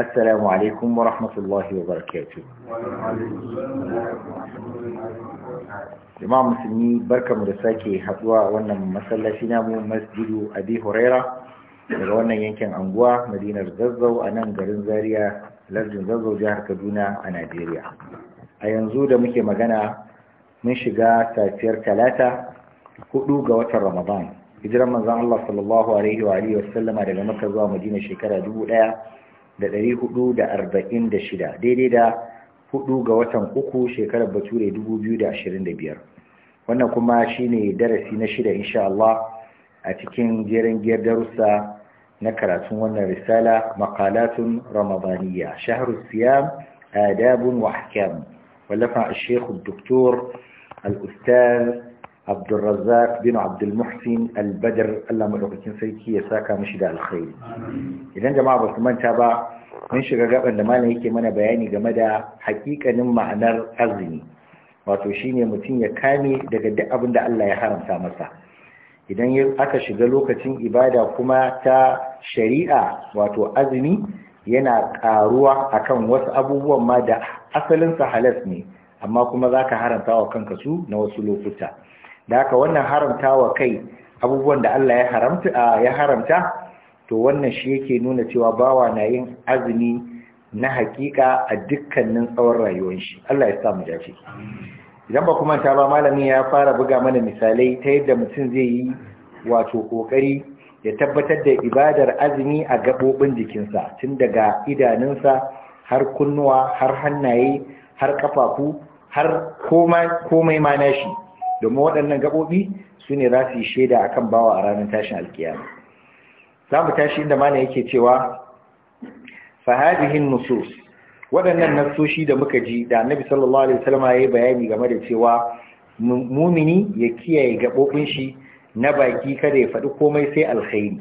السلام عليكم ورحمة الله وبركاته Imam musulmi barkamu da sake haduwa wannan masallaci namu masjidu Abi Huraira daga wannan yankin anguwa Madinar Zazzau a nan garin Zaria lardin Zazzau jihar Kaduna a Najeriya. A yanzu da muke magana mun shiga safiyar Talata hudu ga watan Ramadan. Hijiran manzon Allah sallallahu alaihi wa daga maka zuwa Madina shekara dubu ɗaya. da ɗari hudu da arba'in da shida daidai da hudu ga watan uku shekarar bature dubu biyu da ashirin da biyar wannan kuma shine darasi na shida insha Allah a cikin jerin giyar darussa na karatun wannan risala maqalatun ramadaniya shahru siyam adabun wa ahkam wallafa al-sheikh al-doktor al-ustaz Abdulrazzaq bin Abdulmuhsin albadar Al-Badr Allah madaukakin sarki ya saka mashi da alkhairi idan jama'a ba su manta ba mun shiga gaban da malam yake mana bayani game da haƙiƙanin ma'anar azumi wato shine mutum ya kame daga duk abin da Allah ya haramta masa idan aka shiga lokacin ibada kuma ta shari'a wato azumi yana ƙaruwa akan wasu abubuwan ma da asalinsa halas ne amma kuma zaka haramta wa kanka su na wasu lokuta da haka wannan haramta wa kai abubuwan da Allah ya haramta ya haramta to wannan shi yake nuna cewa bawa na yin azumi na hakika a dukkanin tsawon rayuwar shi Allah ya sa mu dace idan ba kuma ta ba malami ya fara buga mana misalai ta yadda mutum zai yi wato kokari ya tabbatar da ibadar azumi a gabobin jikinsa tun daga idanunsa har kunnuwa har hannaye har kafafu har komai ma nashi domin waɗannan gaɓoɓi su ne za su yi shaida a kan bawa a ranar tashin alkiyama za mu tashi inda mana yake cewa fahadihin nusus waɗannan nasoshi da muka ji da annabi sallallahu alaihi wasallam ya yi bayani game da cewa mumini ya kiyaye gaɓoɓin shi na baki kada ya faɗi komai sai alkhairi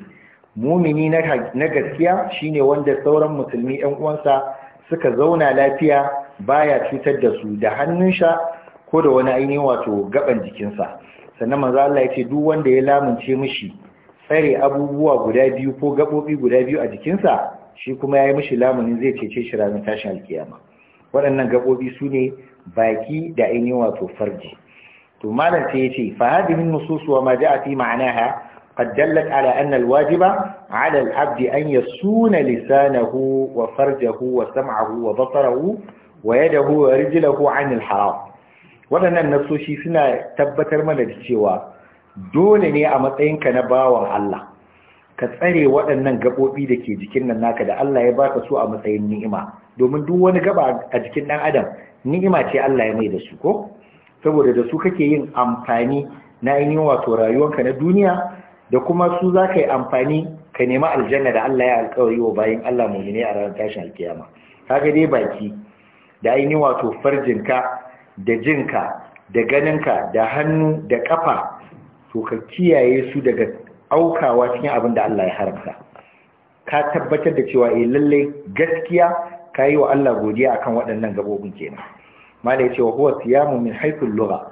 mumini na gaskiya shine wanda sauran musulmi 'yan uwansa suka zauna lafiya baya cutar da su da hannun sha. ko da wani ainihin wato gaban jikinsa sannan manzo Allah ya ce duk wanda ya lamunce mishi tsare abubuwa guda biyu ko gabobi guda biyu a jikinsa shi kuma ya yi mishi lamunin zai cece shi ranar tashin alkiyama waɗannan gabobi su ne baki da ainihin wato farji to malam sai ya ce fa hadhihi nusus wa ma ja'a fi abdi قد دلت على أن الواجب على العبد أن يسون لسانه وفرجه وسمعه وبصره ويده ورجله عن الحرام waɗannan nasoshi suna tabbatar mana da cewa dole ne a matsayinka na bawan Allah ka tsare waɗannan gaɓoɓi da ke jikin nan naka da Allah ya baka su a matsayin ni'ima domin duk wani gaba a jikin ɗan adam ni'ima ce Allah ya mai da su ko saboda da su kake yin amfani na ainihin wato rayuwanka na duniya da kuma su za ka yi amfani ka nema aljanna da Allah ya alkawari wa bayan Allah mu ne a ranar tashin alkiyama kaga dai baki da ainihin wato farjinka da jinka da ganinka da hannu da kafa to ka kiyaye su daga aukawa cikin abin da Allah ya haramta ka tabbatar da cewa eh lallai gaskiya ka yi wa Allah godiya akan waɗannan gabobin kenan ya ce, wa huwa siyamu min haythu lugha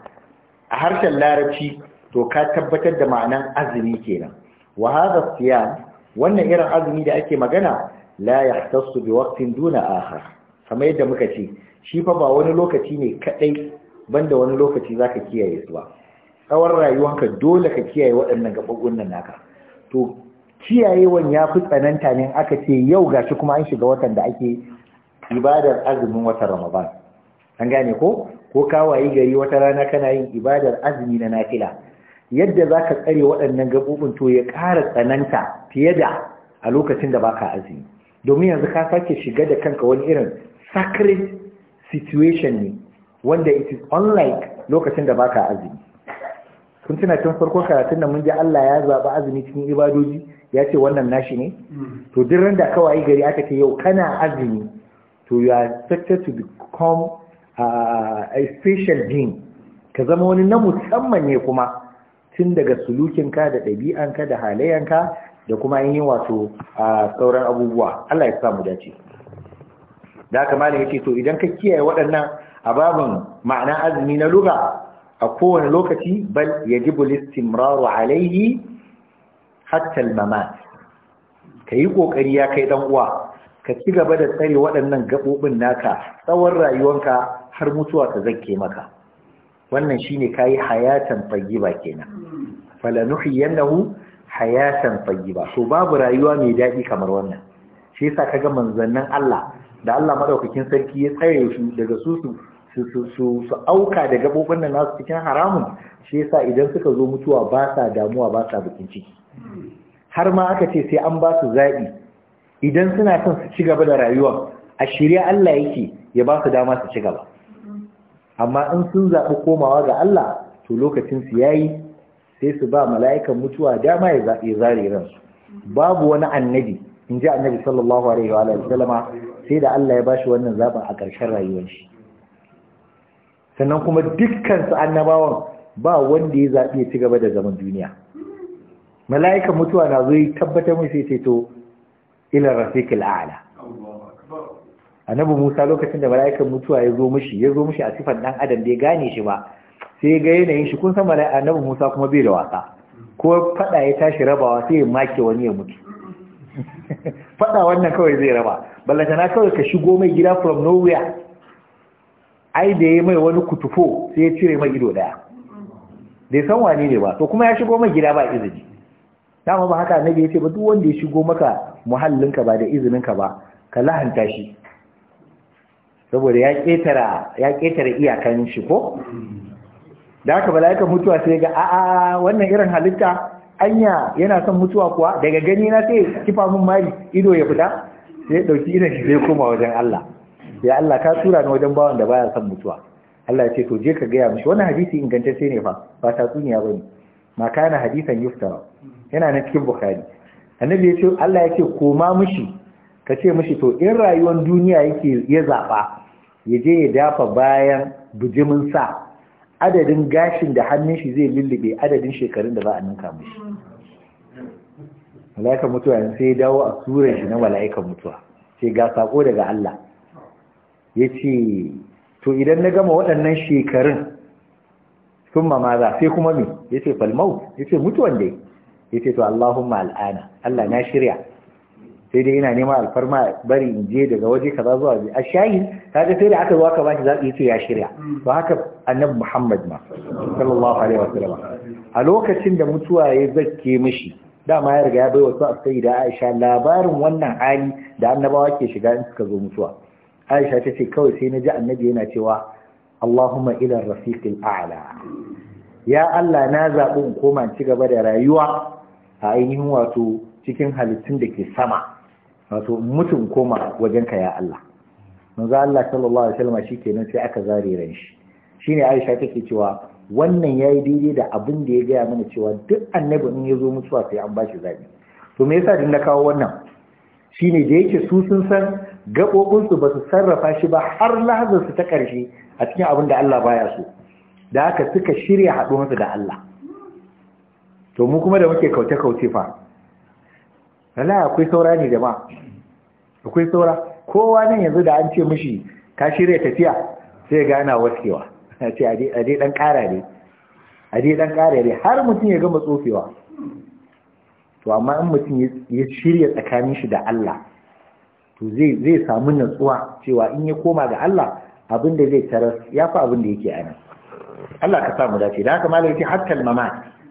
a harshen larabci to ka tabbatar da ma'anan azumi kenan wa hadha siyam wannan irin azumi da ake magana la yahtassu bi waqtin duna akhar kamar yadda muka ce shi fa ba wani lokaci ne kadai banda wani lokaci zaka kiyaye su ba tsawon ka dole ka kiyaye waɗannan gaɓaɓɓun nan naka to kiyayewan ya fi tsananta ne aka ce yau ga shi kuma an shiga watan da ake ibadar azumin wata ramadan an gane ko ko ka wayi gari wata rana kana yin ibadar azumi na nafila yadda za ka tsare waɗannan gaɓoɓin to ya ƙara tsananta fiye da a lokacin da baka azumi domin yanzu ka sake shiga da kanka wani irin sacred situation ne wanda it is unlike lokacin da baka azumi kun tuna tun farko karatun da mun ji Allah ya zaba azumi cikin ibadoji ya ce wannan nashi ne mm. to duk randa kawai gari aka ce yau kana azumi to you are expected to become a special being ka zama wani na musamman ne kuma tun daga ka da ɗabi'anka da halayenka da kuma yin wato sauran abubuwa Allah ya sa mu dace da haka malam yace to idan ka kiyaye waɗannan ababan ma'ana azumi na lugha a kowane lokaci bal yajibu listimraru istimrar alayhi hatta al-mamat kai kokari ya kai dan uwa ka ci gaba da tsare waɗannan gabobin naka tsawon rayuwanka har mutuwa ta zakke maka wannan shine kai hayatan tayyiba kenan falanuhiyannahu hayatan tayyiba to babu rayuwa mai dadi kamar wannan shi yasa kaga manzannin Allah da Allah madaukakin sarki ya tsare su daga su su auka da gabobin da nasu cikin haramun shi yasa idan suka zo mutuwa ba sa damuwa ba sa bakin ciki har ma aka ce sai an ba su zaɓi idan suna son su ci gaba da rayuwa a shirya Allah yake ya ba su dama su ci gaba amma in sun zaɓi komawa ga Allah to lokacin su yayi sai su ba mala'ikan mutuwa dama ya zare ransu babu wani annabi in ji annabi sallallahu alaihi wa sallama sai da Allah ya ba shi wannan zaɓin a ƙarshen rayuwar shi sannan kuma dukkan su annabawan ba wanda ya zaɓi ya ci gaba da zaman duniya mala'ikan mutuwa na zo ya tabbatar mai sai ceto to rafikul a'ala annabi Musa lokacin da mala'ikan mutuwa ya zo mishi ya zo mishi a sifan dan adam bai gane shi ba sai ga yanayin shi kun san mala'ikan annabi Musa kuma bai da wasa ko faɗa ya tashi rabawa sai ya make wani ya mutu faɗa wannan kawai zai raba na kawai ka shigo mai gida from nowhere ai da ya mai wani kutufo sai ya cire mai ido daya ya san wani ne ba to kuma ya shigo mai gida ba izini dama ba haka annabi ya ce ba duk wanda ya shigo maka muhallinka ba da izininka ba ka lahanta shi saboda ya ketara ya iyakan shi ko da haka bala yakan mutuwa sai ga a'a wannan irin halitta anya yana son mutuwa kuwa daga gani na sai kifa mun mari ido ya fita sai dauki idan shi zai koma wajen Allah ya Allah ka tura ni wajen bawan da baya son mutuwa Allah ya ce to je ka gaya mishi wannan hadisi ingantacce ne fa ba ta tsuniya bane ma kana hadisan yuftara yana na cikin bukhari annabi ya ce Allah ya ce koma mishi ka ce mishi to in rayuwar duniya yake ya zaba ya je ya dafa bayan bijimin sa adadin gashin da hannun shi zai lullube adadin shekarun da za a ninka mashi mala'ikan mutuwa yanzu sai dawo a suran shi na mala'ikan mutuwa sai ga sako daga Allah ya ce to idan na gama waɗannan shekarun sun za sai kuma me ya ce falmau ya ce mutuwan dai ya ce to Allahumma al'ana Allah na shirya sai dai ina nema alfarma bari in je daga waje kaza zuwa waje a shayi kaga sai da aka zo aka bashi zaɓi yace ya shirya to haka annabi Muhammad ma sallallahu alaihi wasallam a lokacin da mutuwa ya zakke mishi dama ya riga ya bai wasu asai da Aisha labarin wannan hali da annabawa ke shiga in suka zo mutuwa Aisha ta ce kawai sai na ji annabi yana cewa Allahumma ila rafiqil a'la ya Allah na zaɓi in koma ci gaba da rayuwa a ainihin wato cikin halittun da ke sama wato mutum koma wajenka ya Allah manzo Allah sallallahu alaihi wasallam shikenan sai aka zare ran shi shine Aisha take cewa wannan yayi daidai da abin da ya gaya mana cewa duk annabi in yazo mutuwa sai an bashi zabi to me yasa din na kawo wannan shine da yake su sun san gabobin su ba sarrafa shi ba har lahazar su ta karshe a cikin abin da Allah baya so da haka suka shirya haɗuwarsu da Allah to mu kuma da muke kauce kauce fa lallai akwai saura ne ma akwai saura kowa nan yanzu da an ce mishi ka shirya tafiya sai gana waskewa a ce a dai dan kara ne a dai dan kara ne har mutum ya gama tsofewa to amma in mutum ya shirya tsakanin shi da Allah to zai samu natsuwa cewa in ya koma ga Allah abin da zai tarar ya fi abin da yake ana Allah ka samu dace da haka malai ce hatta al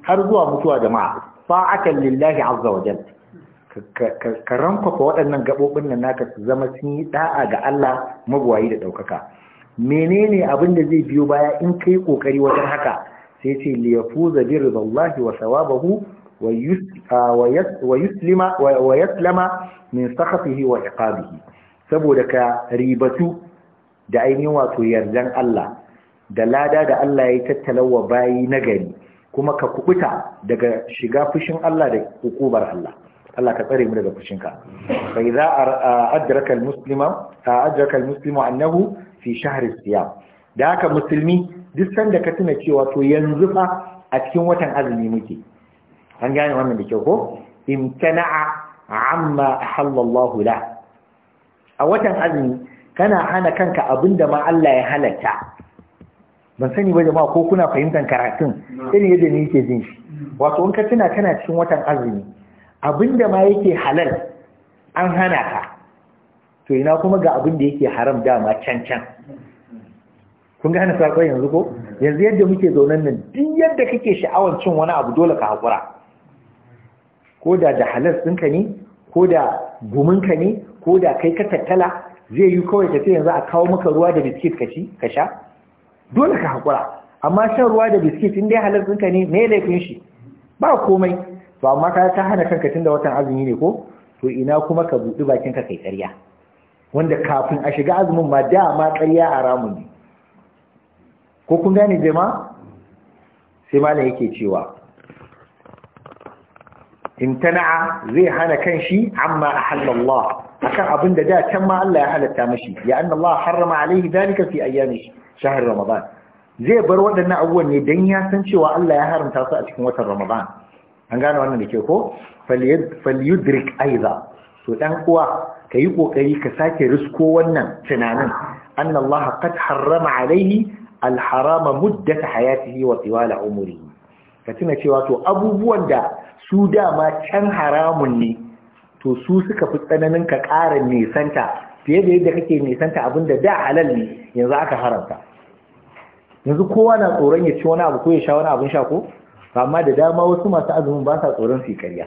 har zuwa mutuwa jama'a fa'akan lillahi azza wa jalla ka rankwafa waɗannan gaɓoɓin nan naka su zama sun yi ɗa'a ga Allah magwayi da ɗaukaka menene abin da zai biyo baya in ka yi ƙoƙari wajen haka sai ce liyafu yafuza bi ridallahi wa sawabahu wa wa yaslama min sakhatihi wa iqabihi saboda ka ribatu da ainihin wato yardan Allah da lada da Allah ya tattalawa bayi nagari kuma ka kuɓuta daga shiga fushin Allah da hukubar Allah Allah ka tsare mu daga fushinka fa idza adraka almuslima adraka almuslimu annahu fi shahri siyam da haka musulmi duk sanda ka tuna cewa to yanzu fa a cikin watan azumi muke an gane wannan da kyau ko imtana'a amma halallahu la a watan azumi kana hana kanka abinda ma Allah ya halatta ban sani ba jama'a ko kuna fahimtar karatun irin yadda ni yake jin shi wato in ka tuna kana cikin watan azumi abinda ma yake halal an hana ka to ina kuma ga abin da yake haram dama can can kun gane sakon yanzu ko yanzu yadda muke zaunan nan duk yadda kake sha'awar cin wani abu dole ka hakura ko da da halal ka ne ko da ka ne ko da kai ka tattala zai yi kawai ka ce yanzu a kawo maka ruwa da biskit ka ci ka sha dole ka hakura amma shan ruwa da biskit in dai halal ka ne me laifin shi ba komai to amma ka ta hana kanka tunda watan azumi ne ko to ina kuma ka buɗi bakin ka kai ƙarya wanda kafin a shiga azumin ma da ma ƙarya haramun ne ko kun gane jama sai malam yake cewa imtana'a zai hana shi amma ahalla akan abin da da can ma Allah ya halatta mashi ya anna Allah harrama alaihi dalika fi ayyami shahr ramadan zai bar waɗannan abubuwan ne dan ya san cewa Allah ya haramta su a cikin watan ramadan an gane wannan da ke ko falyudrik aiza To dan uwa ka yi kokari ka sake risko wannan tunanin annallaha qad harrama alaihi alharama muddat hayatihi wa tiwala umrihi ka tuna cewa to abubuwan da su dama can haramun ne to su suka fi tsananin ka ƙara nisanta fiye da yadda kake nisanta abin da da halal ne yanzu aka haramta yanzu kowa na tsoron ya ci wani abu ko ya sha wani abin sha ko amma da dama wasu masu azumin ba sa tsoron su karya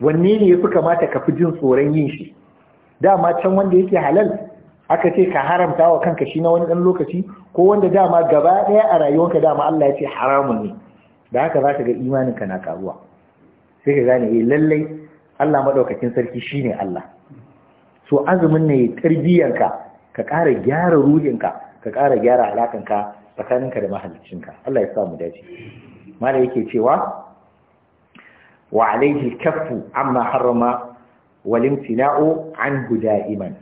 wanne ne ya fi kamata ka fi jin tsoron yin shi dama can wanda yake halal aka ce ka haramta wa kanka shi na wani ɗan lokaci ko wanda dama gaba ɗaya a rayuwarka dama Allah ya ce haramun ne da haka za ka ga imanin ka na karuwa sai ka gane eh lallai Allah madaukakin sarki shine Allah so azumin ne ya tarbiyanka ka ƙara gyara ruhinka ka ƙara gyara ka. tsakaninka da mahaliccinka Allah ya sa mu dace mala yake cewa wa alaihi kaffu amma harrama wal imtina'u anhu da'iman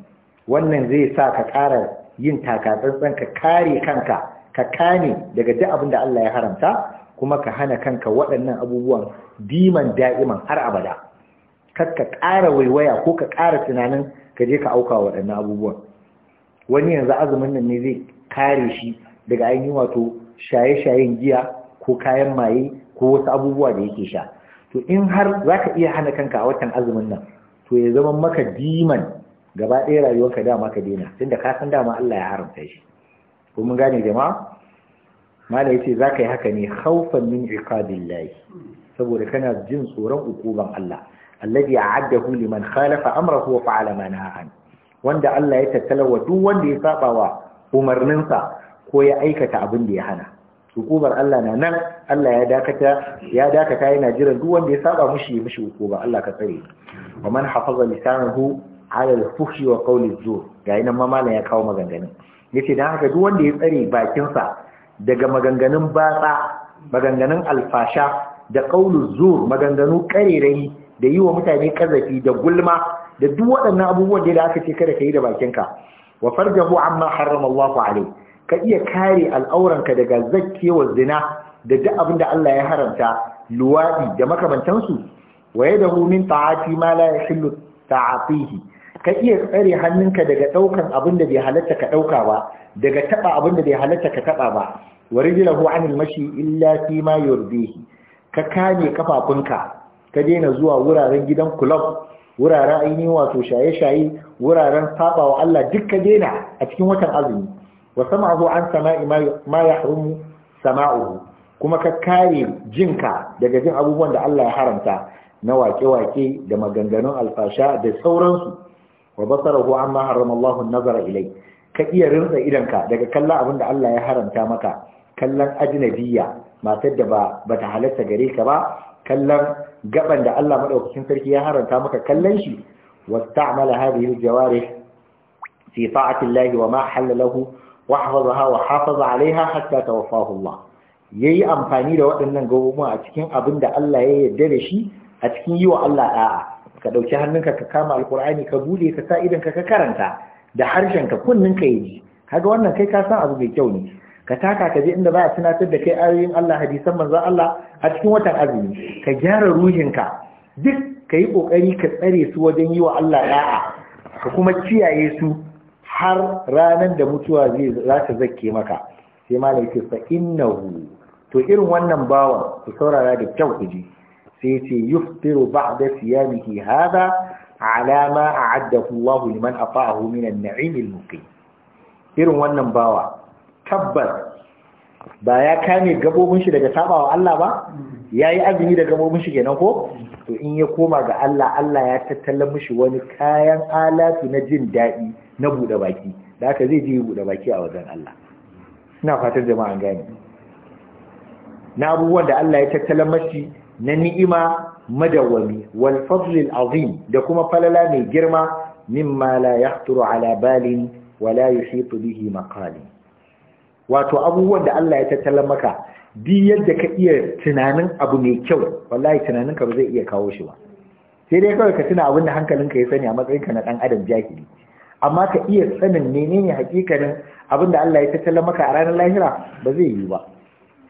wannan zai sa ka ƙara yin takatsantsan ka kare kanka ka kane daga duk abin da Allah ya haramta kuma ka hana kanka waɗannan abubuwan diman da'iman har abada kar ka ƙara waiwaya ko ka ƙara tunanin ka je ka auka waɗannan abubuwan wani yanzu azumin nan ne zai kare shi daga ainihin wato shaye-shayen giya ko kayan maye ko wasu abubuwa da yake sha to in har za ka iya hana kanka a watan azumin nan to ya zama maka diman gaba ɗaya rayuwarka dama ka daina tunda ka san dama Allah ya haramta shi ko mun gane jama'a malai yace za ka yi haka ne khawfan min iqabillahi saboda kana jin tsoron ukuban Allah alladhi a liman khalafa amrahu wa fa'ala ma nahaa wanda Allah ya tattalawa duk wanda ya saba wa umarninsa ko ya aikata abin da ya hana hukumar Allah na nan Allah ya dakata ya dakata yana jiran duk wanda ya saba mushi ya mishi hukuma Allah ka tsare wa man hafaza lisanahu ala al-fuhshi wa qawli zur ga ina ma ya kawo maganganun yace dan haka duk wanda ya tsare bakin sa daga maganganun batsa maganganun alfasha da qawlu zur maganganu karerai da yi wa mutane kazafi da gulma da duk waɗannan abubuwan da aka ce kada ka yi da bakinka wa farjahu amma harrama Allahu alayhi ka iya kare al'auranka daga zakkewar zina da duk abin da Allah ya haramta luwaɗi da makamantansu waye da hunin ta'ati ma la yahillu ta'atihi ka iya tsare hannunka daga ɗaukan abin da bai halatta ka ɗauka ba daga taɓa abin da bai halatta ka taɓa ba wa rijlahu anil mashi illa fi ma yurdihi ka kame kafafunka ka daina zuwa wuraren gidan club wuraren ainihin wato shaye-shaye wuraren saba wa Allah duk ka daina a cikin watan azumi Wasu sama'ahu an sama'i ma yahrumu kuma ka kare jinka daga jin abubuwan da Allah ya haramta na wake-wake da maganganun alfasha da sauransu wa basarahu amma harrama Allah nazara ilai ka iya rinsa idanka daga kallon abin da Allah ya haramta maka kallon ajnabiyya matar da ba bata halatta gare ka ba kallon gaban da Allah madaukakin sarki ya haramta maka kallon shi wasta'mala hadhihi aljawarih fi ta'ati Allah wa ma wa hafaza alaiha hatta tawaffahu Allah yayi amfani da waɗannan gabubuwa a cikin abin da Allah ya yarda da shi a cikin yiwa Allah da'a ka ɗauki hannunka ka kama Alqur'ani ka bude ka sa idan ka karanta da harshen ka kunnin ka yi kaga wannan kai ka san abu mai kyau ne ka taka ka je inda za a tunatar da kai ayoyin Allah hadisan manzon Allah a cikin watan azumi ka gyara ruhin ka duk ka yi kokari ka tsare su wajen yiwa wa Allah da'a ka kuma kiyaye su har ranar da mutuwa zai za ta zake maka sai to irin wannan bawa su saurara da kyau ku ce sai yace yuftiru da siyamiki hada a alama a Allah liman afa'ahu min an-na'im al irin wannan bawa tabbas ba ya kame gabobin shi daga sabawa Allah ba Ya yi azumi da gabobin shi kenan ko to in ya koma ga Allah Allah ya tattala mishi wani kayan alatu na jin daɗi na buɗe baki da aka zai je buɗe baki a wajen Allah ina fatan jama'an gani. na abubuwan da Allah ya tattala mashi na ni'ima madawami wal fadlil azim da kuma falala mai girma mimma la yahturu ala balin wala yuhitu bihi wato abubuwan da Allah ya tattala maka di yadda ka iya tunanin abu mai kyau wallahi tunanin ka ba zai iya kawo shi ba sai dai kawai ka tuna abin da hankalinka ya sani a matsayinka na dan adam jahili amma ka iya sanin menene hakikanin abinda Allah ya tattala maka a ranar lahira ba zai yi ba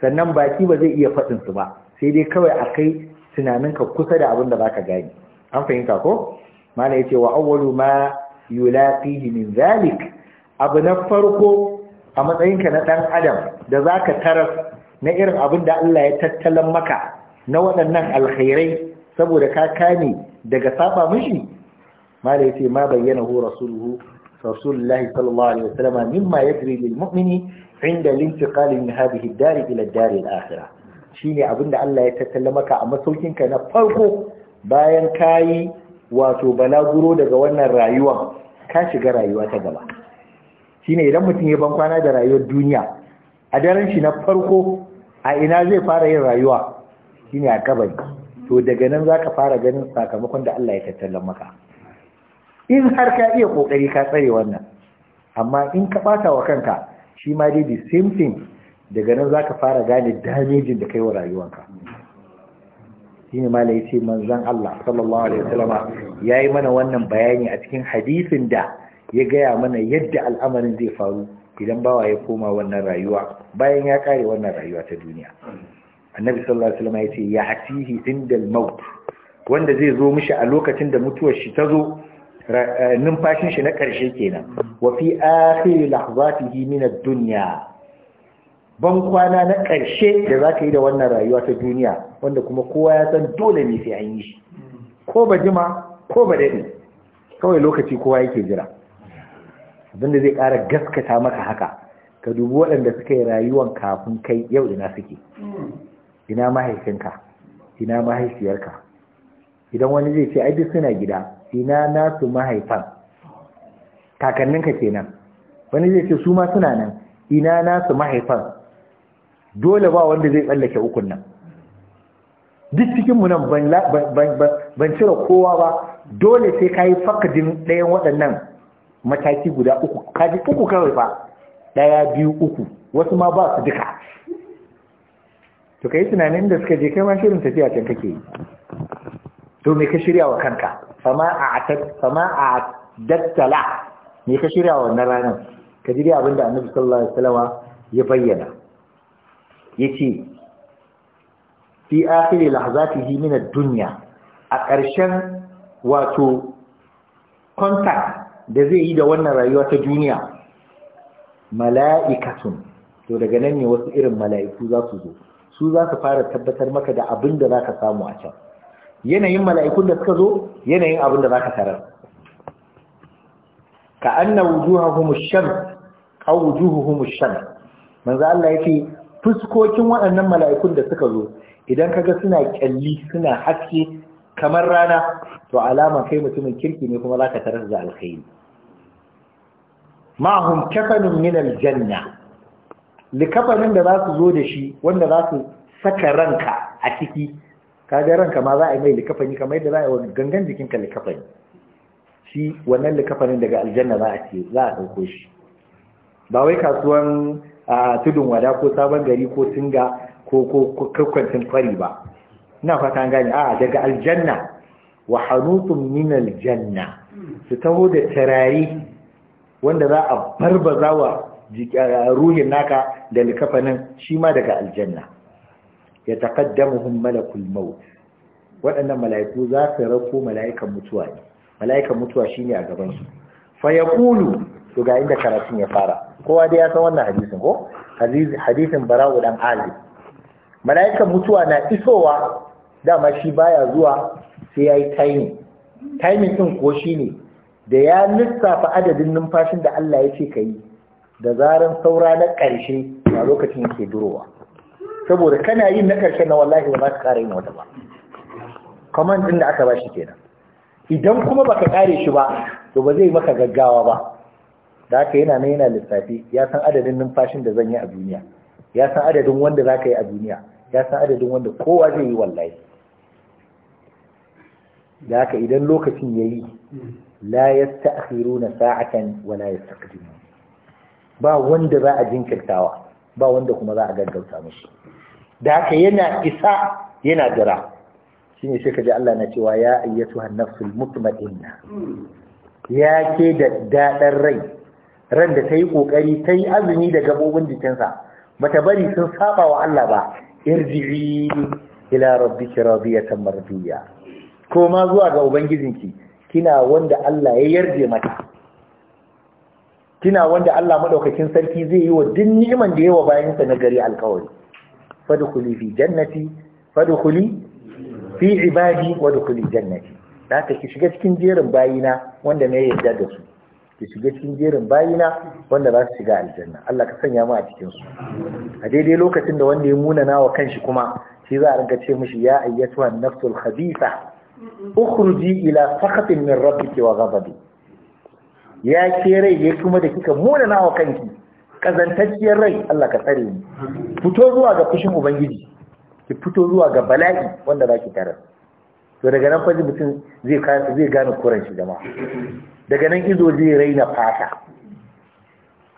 sannan baki ba zai iya faɗin su ba sai dai kawai a kai ka kusa da abinda zaka gani an fahimta ko mana yace wa awwalu ma yulaqihi min zalik abu na farko a ka na dan adam da zaka taras na irin abin da Allah ya tattala maka na waɗannan alkhairai saboda ka kame daga saba mishi mala yace ma bayyana hu rasuluhu rasulullahi sallallahu alaihi wasallam mimma yajri lil mu'mini inda lintiqali min hadhihi ad-dar ila ad-dar al-akhirah shine abinda Allah ya tattala maka a masaukin ka na farko bayan kayi wato balaguro daga wannan rayuwa ka shiga rayuwa ta gaba shine idan mutum ya ban kwana da rayuwar duniya a daren shi na farko a ina zai fara yin rayuwa shine a kabari to daga nan zaka fara ganin sakamakon da Allah ya tattala maka in har ka iya kokari ka tsare wannan amma in ka bata wa kanka shi ma dai the same thing daga nan zaka fara gane damejin da kai wa rayuwanka shine mala yace manzon Allah sallallahu alaihi wasallama yayi mana wannan bayani a cikin hadisin da ya gaya mana yadda al'amarin zai faru idan bawa ya koma wannan rayuwa bayan ya kare wannan rayuwa ta duniya annabi sallallahu alaihi wasallama yace atihi indal maut wanda zai zo mishi a lokacin da mutuwar shi ta zo Eh, numfashin shi na ƙarshe kenan wa fi akhir lahzatihi min ad-dunya ban kwana na ƙarshe da zaka yi da wannan rayuwa ta duniya wanda kuma kowa ya san dole ne sai an yi shi ko ba jima ko ba kawai lokaci kowa yake jira abinda zai ƙara gaskata maka haka ka dubi waɗanda suka yi rayuwan kafin kai yau ina suke ina mahaifinka ina mahaifiyarka idan wani zai ce ai duk suna gida ina nasu mahaifan kakanninka kenan wani zai ce su ma suna nan ina nasu mahaifan dole ba wanda zai tsallake ukun nan duk cikinmu nan ban cire kowa ba dole sai ka fakadin ɗayan waɗannan mataki guda uku kaji uku kawai ba ɗaya biyu uku wasu ma ba su duka to ka yi tunanin da suka je kai ma shirin tafiya can kake yi to me ka shirya wa kanka fama a dattala me ka shirya wa wannan ranar ka jiri abin da annabi sallallahu alaihi wasallam ya bayyana yace fi akhir lahzatihi min ad-dunya a ƙarshen wato contact da zai yi da wannan rayuwa ta duniya mala'ikatun to daga nan ne wasu irin mala'iku za su zo su za su fara tabbatar maka da abin da za ka samu a can yanayin mala'ikun da suka zo yanayin abin da za ka tarar ka anna wujuhahum shams aw wujuhuhum shams manzo Allah yake fuskokin waɗannan mala'ikun da suka zo idan ka ga suna kyalli suna haske kamar rana to alama kai mutumin kirki ne kuma za ka tarar da alkhairi ma'ahum kafanun min aljanna likafanin da za su zo da shi wanda za su saka ranka a ciki kaga ranka ma za a yi mai likafani kamar yadda za a yi wani gangan jikinka likafani shi wannan likafanin daga aljanna za a ce za a ɗauko shi ba wai kasuwan a tudun wada ko sabon gari ko tinga ko kwakwancin kwari ba ina fata gane a daga aljanna wa hanutun min aljanna su taho da tarari wanda za a barbaza wa ruhin naka da likafanin shi ma daga aljanna ya taqaddamuhum malakul maut waɗannan mala'iku za su rako mala'ikan mutuwa ne mala'ikan mutuwa shine a gaban su fa yaqulu to ga inda karatun ya fara kowa dai ya san wannan hadisin ko hadisin bara'u dan ali mala'ikan mutuwa na isowa dama shi baya zuwa sai yayi taimi. timing din ko shine da ya lissafa adadin numfashin da Allah ya ce kai da zaran saura na ƙarshe a lokacin yake durowa saboda kana yin na karshen na wallahi ba za ka ƙara yin wata ba command din da aka bashi kenan idan kuma baka kare shi ba to ba zai maka gaggawa ba da haka yana nan yana lissafi ya san adadin numfashin da zan yi a duniya ya san adadin wanda za ka yi a duniya ya san adadin wanda kowa zai yi wallahi da haka idan lokacin ya yi la yasta'khiruna sa'atan wa la yastaqdimun ba wanda za a jinkirtawa ba wanda kuma za a gaggauta mashi da haka yana isa yana jira shine sai kaji Allah na cewa ya ayyatu hannafsul nafsul mutma'inna ya ke da dadan rai ran da tayi kokari yi azumi da gabobin jikinsa bata bari sun saba wa Allah ba irji'i ila rabbiki radiyatan mardiya koma zuwa ga ubangijinki kina wanda Allah ya yarje mata Kina wanda Allah madaukakin sarki zai yi wa duk ni'iman da yawa bayan sa na gari alkawari fadkhuli fi jannati fadkhuli fi ibadi wadkhuli jannati zaka ka shiga cikin jerin bayina wanda na yarda da su ki shiga cikin jerin bayina wanda za su shiga aljanna Allah ka sanya mu a cikin su a daidai lokacin da wanda ya munana wa kanshi kuma shi za a rinka ce mishi ya ayyatuha nafsul khabitha ukhruji ila sakhatin min rabbiki wa ghadabi ya ke rai ya kuma da kika muna nawa kanki kazantacciyar rai Allah ka tsare ni. fito zuwa ga fushin ubangiji ki fito zuwa ga bala'i wanda za ki tarar to daga nan fa mutum zai zai gane kuran shi jama'a daga nan izo zai raina fata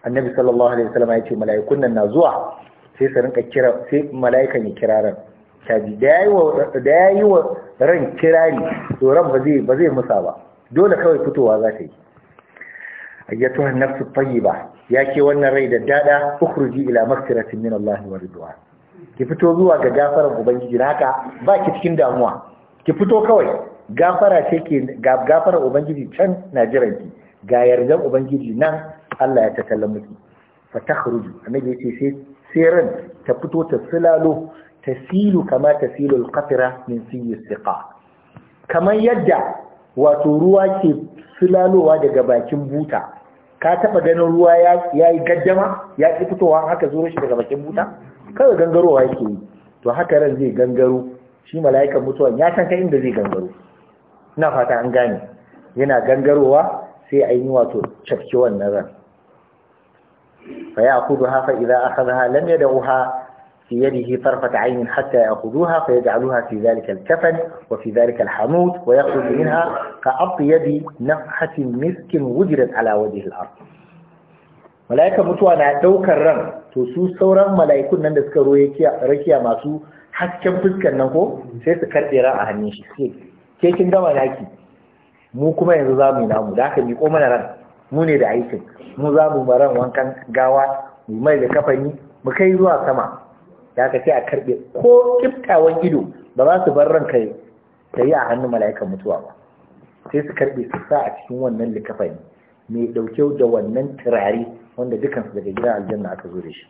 annabi sallallahu alaihi wasallam ya ce mala'ikun nan na zuwa sai su rinka kira sai mala'ikan ya kira ran kaji da yayi wa da yayi wa ran kirari to ran ba zai ba zai musa ba dole kawai fitowa za ta yi ayyatuha nafsu tayyiba ya ke wannan rai da dada ukhruji ila maghfiratin min Allah wa ridwan ki fito zuwa ga gafaran ubangiji haka baki cikin damuwa ki fito kawai gafara ce ke gafara ubangiji can na jiranki ga yardan ubangiji nan Allah ya tattala miki fa takhruju annabi ya sai sai ran ta fito ta silalo silu kama ta silu alqatra min siyi siqa kamar yadda wato ruwa ke silalowa daga bakin buta ka taba ganin ruwa ya yi gaddama ya ƙi fitowa haka zuwa shi daga bakin buta kawai gangarowa yake yi to haka ran zai gangaro shi mala'ikan mutuwan ya san ta inda zai gangaro ina fata an gane yana gangarowa sai a yi wato cafke wannan ran fa ya kudu hafa idan aka zaha lam da uha في يده طرفة عين حتى يأخذوها فيجعلوها في ذلك الكفن وفي ذلك الحنوط ويخرج منها كأطيب نفحة مسك وجرت على وجه الأرض mala'ika mutuwa na ɗaukar ran to su sauran mala'ikun nan da suka roye rakiya masu hasken fuskar nan ko sai su karɓe ran a hannun shi ke kin mu kuma yanzu za mu yi namu da aka miƙo mana ran mu ne da aikin mu za ma ran wankan gawa mu mai da kafani mu kai zuwa sama da aka sai a karbe ko kiftawan ido ba za su bar ranka ta yi a hannun mala'ikan mutuwa ba sai su karbe su sa a cikin wannan likafani mai dauke da wannan turare wanda dukansu daga gidan aljanna aka zo da shi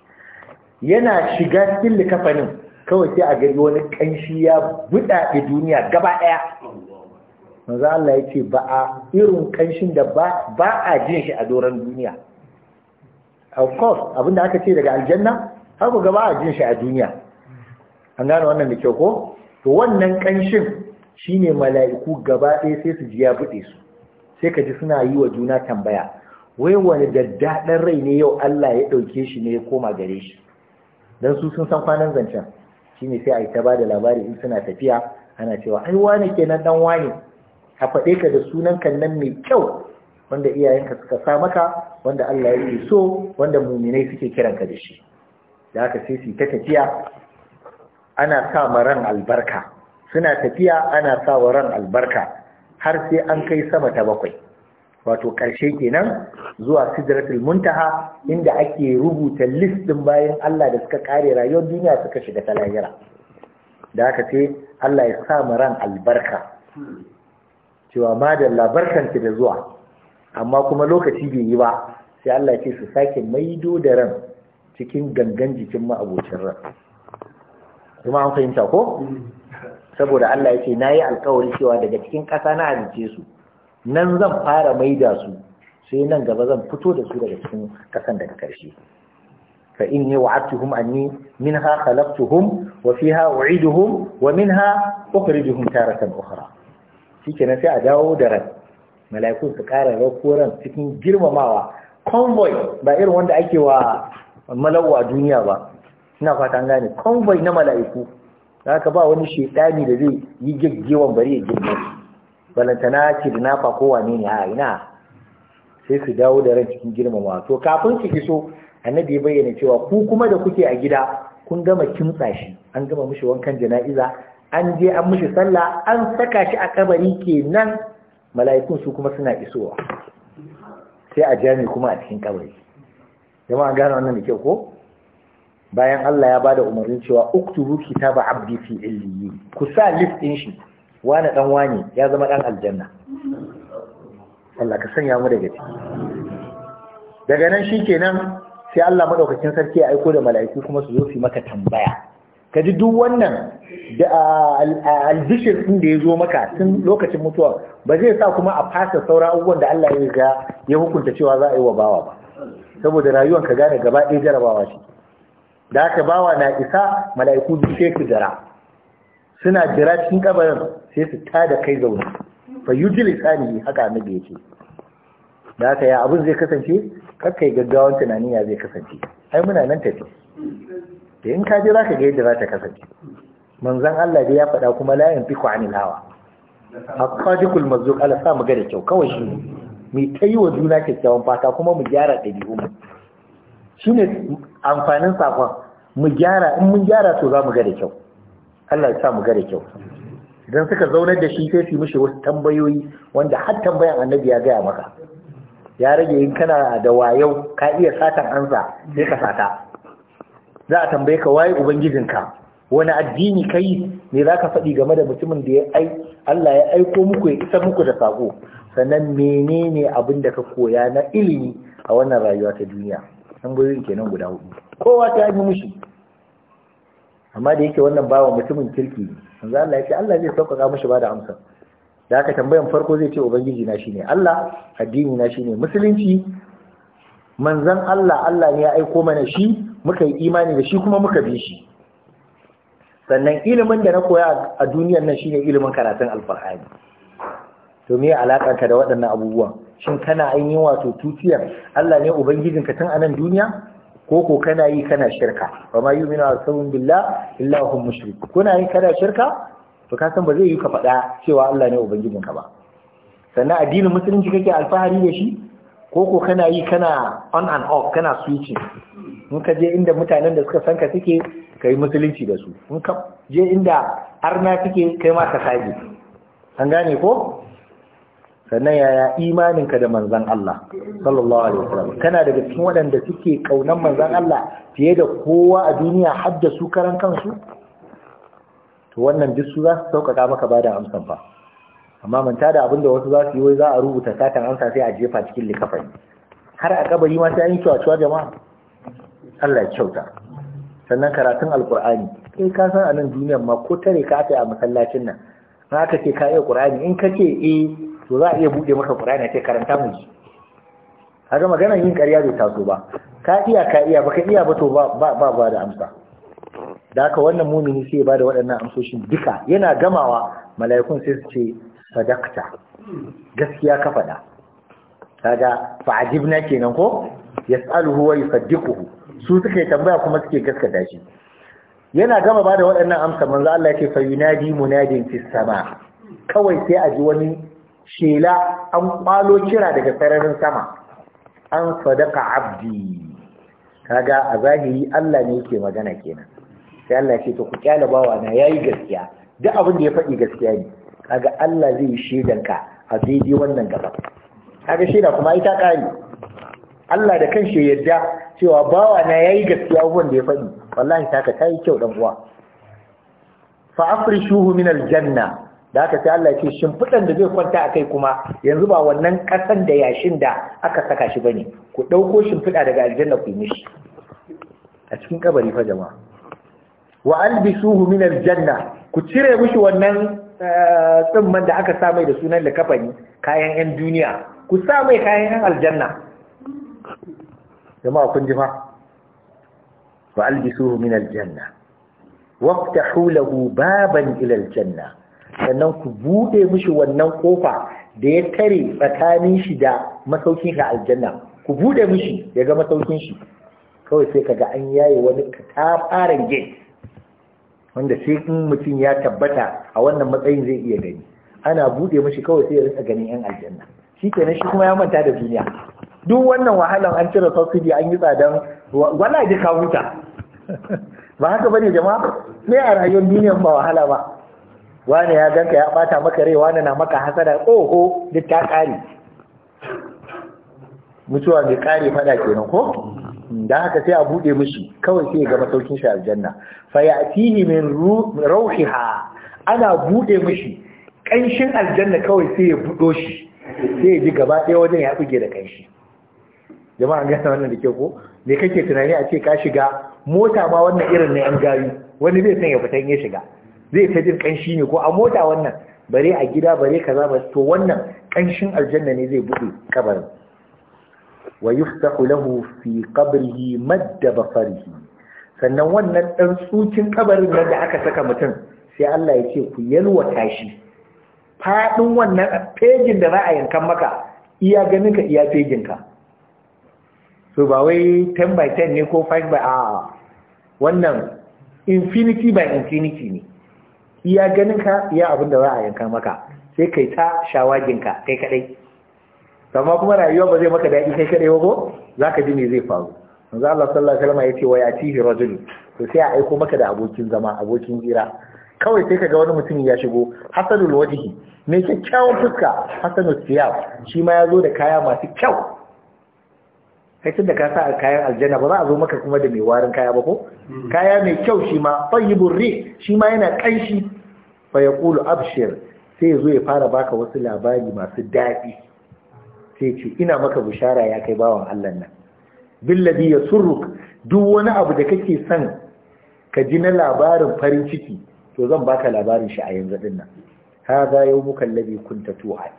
yana shiga cikin likafanin kawai sai a gari wani kanshi ya buɗaɗe duniya gaba ɗaya manzo Allah ya ce ba a irin kanshin da ba a jin shi a doron duniya of course abinda aka ce daga aljanna har ku gaba a jin shi a duniya an gane wannan da kyau ko to wannan kanshin shine mala'iku gaba ɗaya sai su ji ya buɗe su sai ka ji suna yi wa juna tambaya wai wani ɗan rai ne yau Allah ya ɗauke shi ne ya koma gare shi dan su sun san kwanan zancen shine sai a yi ta ba da labari in suna tafiya ana cewa ai wani kenan dan wani a faɗe ka da sunan kan nan mai kyau wanda iyayenka suka sa maka wanda Allah ya yake so wanda muminai suke kiranka da shi da aka sai su ta tafiya ana sa ma ran albarka suna tafiya ana sa wa ran albarka har sai an kai sama ta bakwai wato ƙarshe kenan zuwa sidratul muntaha inda ake rubuta listin bayan Allah da suka kare rayuwar duniya suka shiga ta lahira da aka sai Allah ya sa mu ran albarka cewa madalla barkanta da zuwa amma kuma lokaci bai yi ba sai Allah ya ce su sake maido da ran cikin gangan jikin ma'abocin ran kuma an fahimta ko saboda Allah ya ce na yi alkawari cewa daga cikin ƙasa na halice su nan zan fara maida su sai nan gaba zan fito da su daga cikin ƙasan daga ƙarshe fa inni wa'adtuhum anni minha khalaqtuhum wa fiha u'iduhum wa minha ukhrijuhum taratan ukhra shikenan sai a dawo da ran mala'iku su ƙara rakoran cikin girmamawa convoy ba irin wanda ake wa malawa a duniya ba Suna fata an gane convoy na mala'iku da ka ba wani shedani da zai yi gaggewan bari ya gaggewa balantana ce da nafa ko wane ne a ina sai su dawo da ran cikin girmamawa to kafin su iso annabi ya bayyana cewa ku kuma da kuke a gida kun gama kimtsa shi an gama mishi wankan jana'iza an je an mishi sallah an saka shi a kabari kenan mala'ikun su kuma suna isowa sai a jami kuma a cikin kabari jama'a an gane wannan da kyau ko bayan Allah ya bada umarni cewa uktubu kitaba abdi fi illiyi ku sa list din shi wani dan wani ya zama dan aljanna Allah ka sanya mu daga ciki daga nan shikenan sai Allah madaukakin sarki ya aiko da mala'iku kuma su zo su maka tambaya ka duk wannan da albishir din da ya zo maka tun lokacin mutuwa ba zai sa kuma a fasa sauran abubuwan da Allah ya riga ya hukunta cewa za a yi wa bawa ba saboda rayuwar ka gane gaba ɗaya jarabawa ce da aka bawa na isa mala'iku duk sai su jira suna jira cikin kabarin sai su da kai zaune fa yujil tsani haka annabi yake da aka ya abin zai kasance kakkai gaggawan tunani ya zai kasance ai muna nan tafi da in ka jira ka ga yadda za ta kasance Manzan Allah dai ya faɗa kuma layin yanfiqu anil hawa haqqatul mazluq ala sa mu ga da kyau kawai shi mai ta yi wa juna kyakkyawan fata kuma mu gyara ɗabi'u mu shi ne amfanin saƙon. mu gyara in mun gyara to za mu ga da kyau Allah ya sa mu ga da kyau idan suka zaunar da shi sai su mishi wasu tambayoyi wanda har tambayan annabi ya gaya maka ya rage in kana da wayau ka iya satan ansa sai ka sata za a tambaye ka waye ubangijinka wani addini ka yi me za ka faɗi game da mutumin da ya ai Allah ya aiko muku ya isa muku da sako sannan menene abin da ka koya na ilimi a wannan rayuwa ta duniya gurin kenan guda hudu kowa ta yi mushi amma da yake wannan bawa mutumin kirki yanzu Allah ya ce Allah zai sauƙaƙa mushi ba da amsa da aka tambayan farko zai ce ubangiji na shine Allah addini na shine musulunci manzon Allah Allah ne ya aiko mana shi muka yi imani da shi kuma muka bi shi sannan ilimin da na koya a duniyar nan shine ilimin karatun alfahari to me alakanka da waɗannan abubuwan shin kana ainihin wato tutiyar Allah ne ubangijinka tun anan duniya ko ko kana yi kana shirka wa ma yu'minu asawun billah illa hum mushrik kuna yi kana shirka to ka san ba zai yi ka faɗa cewa Allah ne ubangijinka ba sannan addinin musulunci kake alfahari da shi ko ko kana yi kana on and off kana switching in ka je inda mutanen da suka san ka suke kai musulunci da su in ka je inda arna suke kai ma ka saje an gane ko sannan yaya imaninka da manzan Allah sallallahu alaihi wasallam kana daga cikin waɗanda suke kaunan manzan Allah fiye da kowa a duniya har da su karan kansu to wannan duk su za su sauƙaƙa maka bada amsan fa amma manta da abinda wasu za su yi wai za a rubuta satan amsa sai a jefa cikin likafai har a kabari ma sai an yi cewa jama'a Allah ya kyauta sannan karatun alkur'ani kai ka san a nan duniyar ma ko tare ka aka yi a masallacin nan na aka ce ka iya qur'ani in ka ce eh to za a iya buɗe maka qur'ani ce karanta mu ji kaga maganar yin ƙarya bai taso ba ka iya ka iya ba ka iya ba to ba ba ba da amsa da haka wannan mumini sai ya bada waɗannan amsoshin duka yana gamawa mala'ikun sai su ce sadakta gaskiya ka faɗa kaga fa'ajibna kenan ko yas'aluhu wa yusaddiquhu su suke tambaya kuma suke gaskata shi yana gama ba da waɗannan amsa manzo Allah yake fa yunadi munadin fis sama kawai sai a ji wani shela an kwalo kira daga sararin sama an sadaka abdi kaga a zahiri Allah ne yake magana kenan sai Allah ce to ku kyale bawa na yayi gaskiya duk abin da ya faɗi gaskiya ne kaga Allah zai shedanka a daidai wannan gaba kaga sheda kuma ita kare Allah da kanshi ya yarda cewa bawa na yi gaskiya abubuwan da ya faɗi wallahi ta yi kyau ɗan uwa fa afrishuhu min aljanna da aka sai Allah ya ce shimfiɗan da zai kwanta a kai kuma yanzu ba wannan ƙasan da yashin da aka saka shi bane ku ɗauko shimfiɗa daga aljanna ku yi mishi a cikin kabari fa jama'a wa albisuhu min aljanna ku cire mishi wannan eh, tsimman da aka sa mai da sunan likafani kayan 'yan duniya ku sa mai kayan 'yan aljanna jama'a kun ji ma wa albisuhu min aljanna waftahu lahu baban ila aljanna sannan ku bude mishi wannan kofa da ya tare tsakanin shi da masaukin ka aljanna ku bude mishi ya ga masaukin shi kawai sai kaga an yaye wani katafaren gate wanda sai in mutum ya tabbata a wannan matsayin zai iya gani ana bude mishi kawai sai ya rika ganin yan aljanna shi kenan shi kuma ya manta da duniya duk wannan wahalan an cire subsidy an yi tsadan wala ji ka huta ba haka bane jama'a sai a rayuwar duniyar ba wahala ba wani ya ganka ya bata maka rai wani na maka hasada oho duk ta kare mutuwa mai kare fada kenan ko da haka sai a bude mishi kawai sai ga masaukin shi aljanna fa ya'tihi min ruhiha ana bude mishi kanshin aljanna kawai sai ya budo shi sai ya ji gaba ɗaya wajen ya buge da kanshi jama'a gane wannan da ke ko me kake tunani a ce ka shiga mota ma wannan irin na yan gari. wani zai san ya fita ya shiga zai ta jin kanshi ne ko a mota wannan bare a gida bare kaza ba to wannan kanshin aljanna ne zai bude kabarin wa yuftahu lahu fi qabrihi madda basarihi sannan wannan dan tsukin kabarin nan da aka saka mutum sai Allah ya ce ku yalwa tashi fadin wannan fejin da za a yankan maka iya ganinka iya ka. so ba wai 10 by 10 ne ko 5 by a wannan infinity by infinity ne iya ganinka iya abin da za yanka maka sai kai ta shawaginka kai kadai amma kuma rayuwa ba zai maka daɗi kai kadai ba ko za ka ji me zai faru manzo Allah sallallahu alaihi wasallam yace wa tihi rajul to sai a aiko maka da abokin zama abokin jira kawai sai kaga wani mutum ya shigo hasanul wajhi mai kyakkyawan fuska hasanul siyaf shi ma ya zo da kaya masu kyau kai tun da ka sa a kayan aljanna ba za a zo maka kuma da mai warin kaya ba ko mm. kaya mai kyau shi ma tayyibur burri shi ma yana kanshi fa kulu abshir sai ya zo ya fara baka wasu labari masu daɗi sai ce ina maka bishara ya kai bawan Allah nan billadi yasurruk duk wani abu da kake son ka ji na labarin farin ciki to zan baka labarin shi a yanzu din nan hadha yawmuka alladhi kunta tu'ad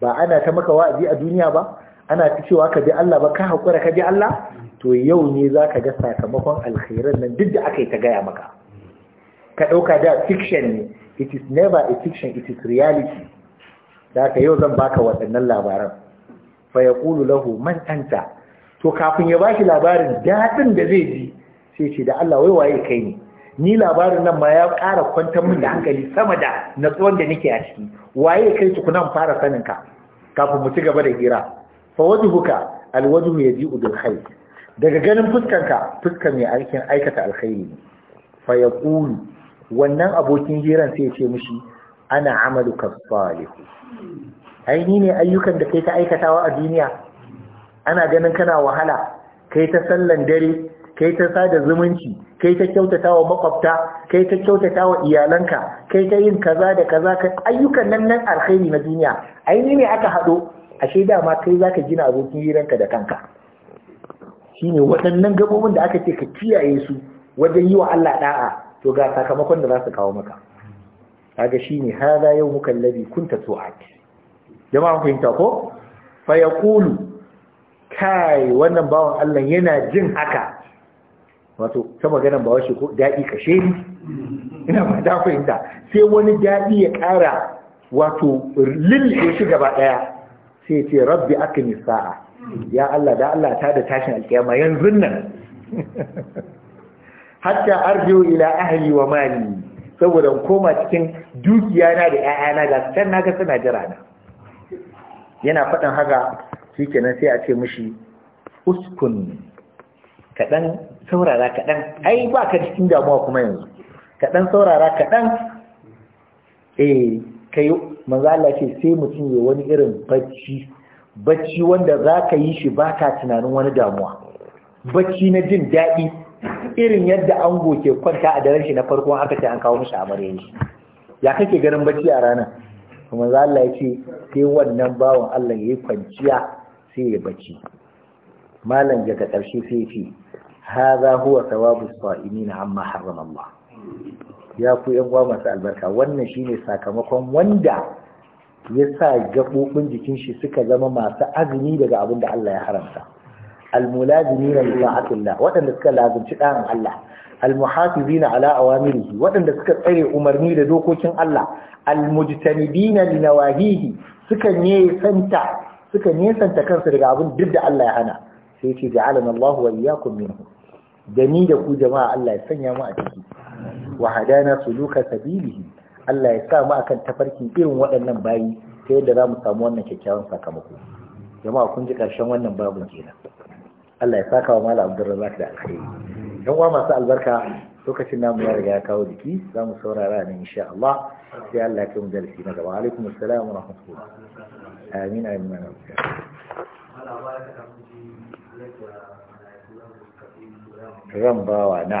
ba ana ta maka wa'azi a duniya ba ana fi cewa ka bi Allah ba ka haƙura ka bi Allah to yau ne za ka ga sakamakon alkhairar nan duk da aka yi ta gaya maka ka ɗauka da fiction ne it is never a fiction it is reality da ka yau zan baka waɗannan labaran fa ya ƙulu lahu man anta to kafin ya bashi labarin daɗin da zai ji sai ce da Allah wai waye kai ne ni labarin nan ma ya ƙara kwantar min da hankali sama da natsuwan da nake a ciki waye kai tukunan fara sanin ka kafin mu ci gaba da hira fa wajhuka ya yaji'u bil khair daga ganin fuskanka fuskar mai aikin aikata alkhairi ne fa wannan abokin jiran sai ya ce mishi ana amaluka salih ai ne ayyukan da kai ta aikatawa a duniya ana ganin kana wahala kai ta sallan dare kai ta sada zumunci kai ta kyautata wa makwabta kai ta kyautata wa iyalanka kai ta yin kaza da kaza ka ayyukan nan nan alkhairi na duniya aini ne aka haɗo ashe dama kai zaka gina abokin hiranka da kanka Shi ne waɗannan gabobin da aka ce ka kiyaye su wajen yi wa Allah ɗa'a. to ga sakamakon da za su kawo maka kaga ne hada yau muka labi kun ta so tu'at jama'a kun fahimta ko fa yaqulu kai wannan bawan Allah yana jin haka wato ta maganan ba washe ko daɗi kashe ni ina ba da fahimta sai wani daɗi ya ƙara wato lille shi gaba ɗaya. sai ce rabbi aka nisa'a. ya Allah da Allah ta da tashin alkiyama yanzu nan hatta arjiu ila ahli wa mali saboda koma cikin dukiyana da 'ya'yana ga can naga suna jira na yana faɗin haka shikenan sai a ce mishi uskun kaɗan saurara kaɗan ai ba ka cikin damuwa kuma yanzu kaɗan saurara kaɗan eh ka manzo Allah ce sai mutum ya wani irin bacci bacci wanda zaka yi shi baka tunanin wani damuwa bacci na jin daɗi irin yadda an goke kwanta a daren shi na farko aka ce an kawo mishi amarya shi ya kake ganin bacci a rana? manzo Allah ya ce sai wannan bawan Allah ya yi kwanciya sai ya bacci malam ga ƙarshe sai ce haza huwa sawabu imina, amma harrama Allah ya fi yan uwa masu albarka wannan shine sakamakon wanda ya sa gaɓoɓin jikin shi suka zama masu azumi daga abin da Allah ya haramta almulazimina li ta'atillah waɗanda suka lazimci ɗa'an Allah almuhafizina ala awamirihi waɗanda suka tsare umarni da dokokin Allah almujtanibina li nawahihi suka suka nesanta kansu daga abin duk da Allah ya hana sai ce ja'alana Allah wa iyyakum minhu da ni da ku jama'a Allah ya sanya mu a ciki wa hadana suluka sabilihi Allah ya sa mu akan tafarkin irin waɗannan bayi ta yadda za mu samu wannan kyakkyawan sakamako jama'a kun ji ƙarshen wannan babun kenan Allah ya saka wa mala abdurrazak da alkhairi yan uwa masu albarka lokacin namu ya riga ya kawo jiki za mu saurara a insha Allah sai Allah ya kai mu darasi na gaba alaikum assalam wa rahmatullah amin amin amin bawa na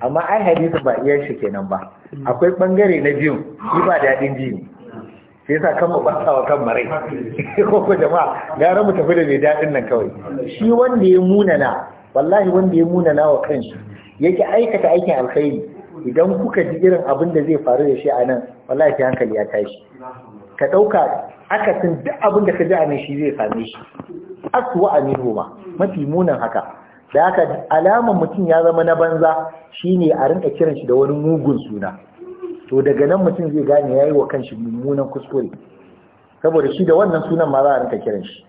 amma ai hadisi ba iyar shi kenan ba hmm. akwai bangare na biyu shi ba daɗin ji ne sai yasa kan mu bata wa kan marai ko jama'a gara mu tafi da mai daɗin nan kawai shi wanda ya munana wallahi wanda ya munana wa kanshi yake aikata aikin alkhairi idan kuka ji irin abin da zai faru da shi a nan wallahi sai hankali ya tashi ka ɗauka akasin duk abin da ka ji a nan shi zai same shi aswa aminu ma mafi munin haka da haka alaman mutum ya zama na banza shine a rinka kiran shi da wani mugun suna to daga nan mutum zai gane yayi wa kanshi mummunan kuskure saboda shi da wannan sunan ma za a rinka kiran shi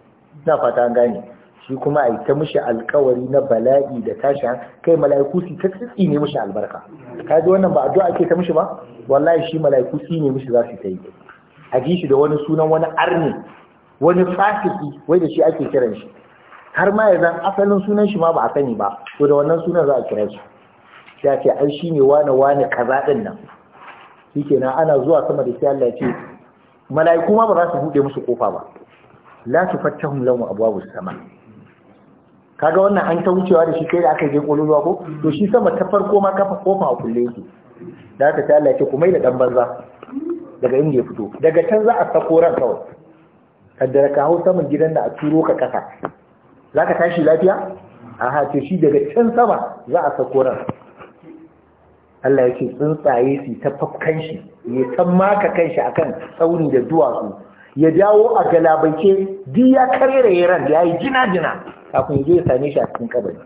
ina fata an gane shi kuma a yi ta mishi alkawari na bala'i da tashi kai mala'iku su ta tsitsi ne mishi albarka ka ji wannan ba addu'a ake ta mishi ba wallahi shi mala'iku su ne mishi za su ta yi a ji shi da wani sunan wani arni wani fasiki wai da shi ake kiran shi har ma yanzu asalin sunan shi ma ba a sani ba to da wannan sunan za a kira shi ya ce ai shi ne wane wane kaza din nan shi na ana zuwa sama da shi Allah ce mala'iku ma ba za su buɗe musu kofa ba la lamu lahum abwabus sama kaga wannan an ta wucewa da shi kai da aka je kololuwa ko to shi sama ta farko ma kafa kofa a kulle yake da aka ta Allah ya ce mai da ɗan banza daga inda ya fito daga can za a sako ran kawai kaddara ka hau saman gidan da a turo ka kasa za ka tashi lafiya a hace shi daga can sama za a sako ran Allah ya ce tsuntsaye su ta fafkan shi ya san maka kanshi akan tsauni da duwatsu ya jawo a galabaice di ya karere ran ya yi jina-jina kafin ya same shi a cikin kabari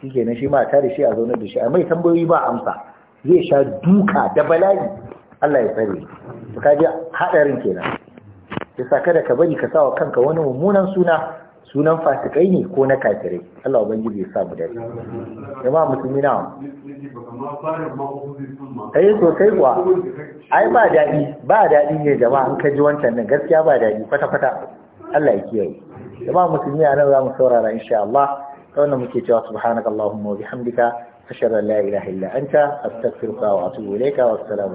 shi ke na shi ma tare shi a zaunar da shi a mai tambayoyi ba amsa zai sha duka da bala'i Allah ya tsare su kaji haɗarin kenan ya sa kada ka bari ka sa wa kanka wani mummunan suna sunan fasikai ne ko na kafirai Allah ubangiji ya sa mu dace jama'a musulmi na so sosai kuwa ai ba daɗi ba daɗi ne jama'a an kaji wancan nan gaskiya ba daɗi kwata kwata Allah ya kiyaye jama'a musulmi a nan za mu saurara insha Allah ta wannan muke cewa subhanakallahumma wa bihamdika ashhadu an la ilaha illa anta astaghfiruka wa atubu ilayka wa assalamu